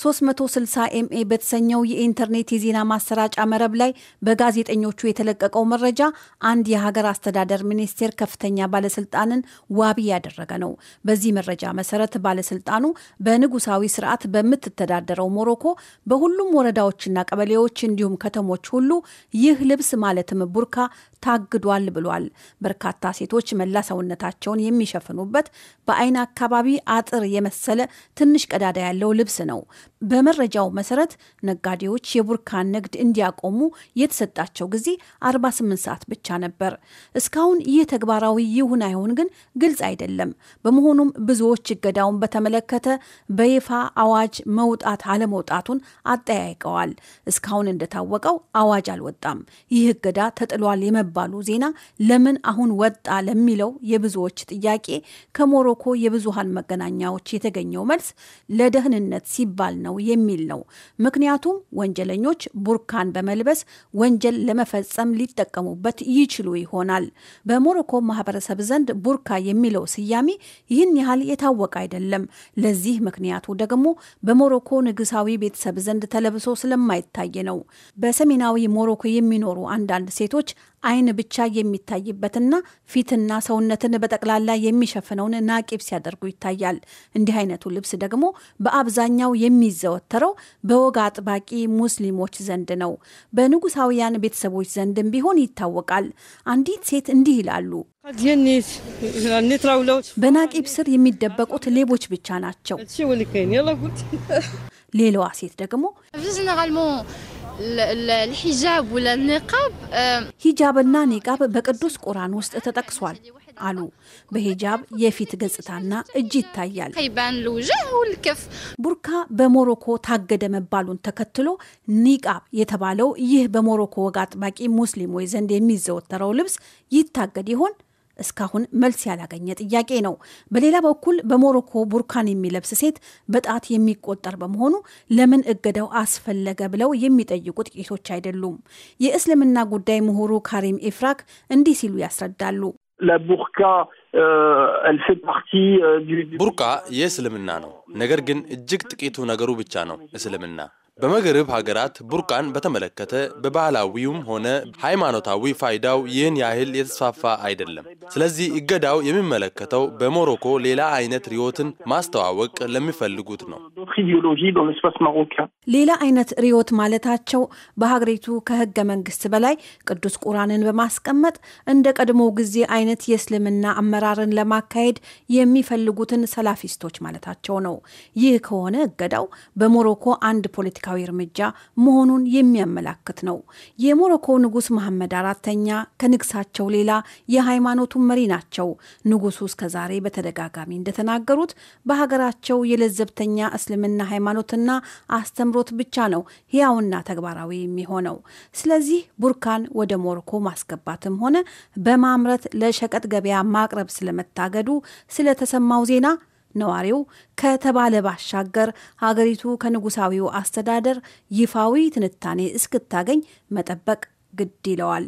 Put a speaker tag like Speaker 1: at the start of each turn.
Speaker 1: 360 ኤምኤ በተሰኘው የኢንተርኔት የዜና ማሰራጫ መረብ ላይ በጋዜጠኞቹ የተለቀቀው መረጃ አንድ የሀገር አስተዳደር ሚኒስቴር ከፍተኛ ባለስልጣንን ዋቢ ያደረገ ነው። በዚህ መረጃ መሰረት ባለስልጣኑ በንጉሳዊ ስርዓት በምትተዳደረው ሞሮኮ በሁሉም ወረዳዎችና ቀበሌዎች እንዲሁም ከተሞች ሁሉ ይህ ልብስ ማለትም ቡርካ ታግዷል ብሏል። በርካታ ሴቶች መላ ሰውነታቸውን የሚሸፍኑበት በአይን አካባቢ አጥር የመሰለ ትንሽ ቀዳዳ ያለው ልብስ ነው። በመረጃው መሰረት ነጋዴዎች የቡርካን ንግድ እንዲያቆሙ የተሰጣቸው ጊዜ 48 ሰዓት ብቻ ነበር። እስካሁን ይህ ተግባራዊ ይሁን አይሁን ግን ግልጽ አይደለም። በመሆኑም ብዙዎች እገዳውን በተመለከተ በይፋ አዋጅ መውጣት አለመውጣቱን አጠያይቀዋል። እስካሁን እንደታወቀው አዋጅ አልወጣም። ይህ እገዳ ተጥሏል የመባሉ ዜና ለምን አሁን ወጣ ለሚለው የብዙዎች ጥያቄ ከሞሮኮ የብዙሃን መገናኛዎች የተገኘው መልስ ለደህንነት ሲባል ነው ነው የሚል ነው። ምክንያቱም ወንጀለኞች ቡርካን በመልበስ ወንጀል ለመፈጸም ሊጠቀሙበት ይችሉ ይሆናል። በሞሮኮ ማህበረሰብ ዘንድ ቡርካ የሚለው ስያሜ ይህን ያህል የታወቀ አይደለም። ለዚህ ምክንያቱ ደግሞ በሞሮኮ ንግሳዊ ቤተሰብ ዘንድ ተለብሶ ስለማይታይ ነው። በሰሜናዊ ሞሮኮ የሚኖሩ አንዳንድ ሴቶች አይን ብቻ የሚታይበትና ፊትና ሰውነትን በጠቅላላ የሚሸፍነውን ናቂብ ሲያደርጉ ይታያል። እንዲህ አይነቱ ልብስ ደግሞ በአብዛኛው የሚዘወተረው በወግ አጥባቂ ሙስሊሞች ዘንድ ነው። በንጉሳውያን ቤተሰቦች ዘንድም ቢሆን ይታወቃል። አንዲት ሴት እንዲህ ይላሉ። በናቂብ ስር የሚደበቁት ሌቦች ብቻ ናቸው። ሌላዋ ሴት ደግሞ ልሒጃብ ኒቃብ ሂጃብና ኒቃብ በቅዱስ ቁርአን ውስጥ ተጠቅሷል አሉ። በሂጃብ የፊት ገጽታና እጅ ይታያል። ቡርካ በሞሮኮ ታገደ መባሉን ተከትሎ ኒቃብ የተባለው ይህ በሞሮኮ ወግ አጥባቂ ሙስሊሞች ዘንድ የሚዘወተረው ልብስ ይታገድ ይሆን? እስካሁን መልስ ያላገኘ ጥያቄ ነው። በሌላ በኩል በሞሮኮ ቡርካን የሚለብስ ሴት በጣት የሚቆጠር በመሆኑ ለምን እገዳው አስፈለገ ብለው የሚጠይቁ ጥቂቶች አይደሉም። የእስልምና ጉዳይ ምሁሩ ካሪም ኢፍራክ እንዲህ ሲሉ ያስረዳሉ።
Speaker 2: ቡርካ የእስልምና ነው። ነገር ግን እጅግ ጥቂቱ ነገሩ ብቻ ነው እስልምና በመገርብ ሀገራት ቡርቃን በተመለከተ በባህላዊውም ሆነ ሃይማኖታዊ ፋይዳው ይህን ያህል የተስፋፋ አይደለም። ስለዚህ እገዳው የሚመለከተው በሞሮኮ ሌላ አይነት ሪዮትን ማስተዋወቅ ለሚፈልጉት ነው።
Speaker 1: ሌላ አይነት ሪዮት ማለታቸው በሀገሪቱ ከህገ መንግስት በላይ ቅዱስ ቁራንን በማስቀመጥ እንደ ቀድሞ ጊዜ አይነት የእስልምና አመራርን ለማካሄድ የሚፈልጉትን ሰላፊስቶች ማለታቸው ነው። ይህ ከሆነ እገዳው በሞሮኮ አንድ ፖለቲካ ፖለቲካዊ እርምጃ መሆኑን የሚያመላክት ነው። የሞሮኮ ንጉስ መሐመድ አራተኛ ከንግሳቸው ሌላ የሃይማኖቱ መሪ ናቸው። ንጉሱ እስከዛሬ በተደጋጋሚ እንደተናገሩት በሀገራቸው የለዘብተኛ እስልምና ሃይማኖትና አስተምሮት ብቻ ነው ሕያውና ተግባራዊ የሚሆነው። ስለዚህ ቡርካን ወደ ሞሮኮ ማስገባትም ሆነ በማምረት ለሸቀጥ ገበያ ማቅረብ ስለመታገዱ ስለተሰማው ዜና ነዋሪው ከተባለ ባሻገር ሀገሪቱ ከንጉሳዊው አስተዳደር ይፋዊ ትንታኔ እስክታገኝ መጠበቅ ግድ ይለዋል።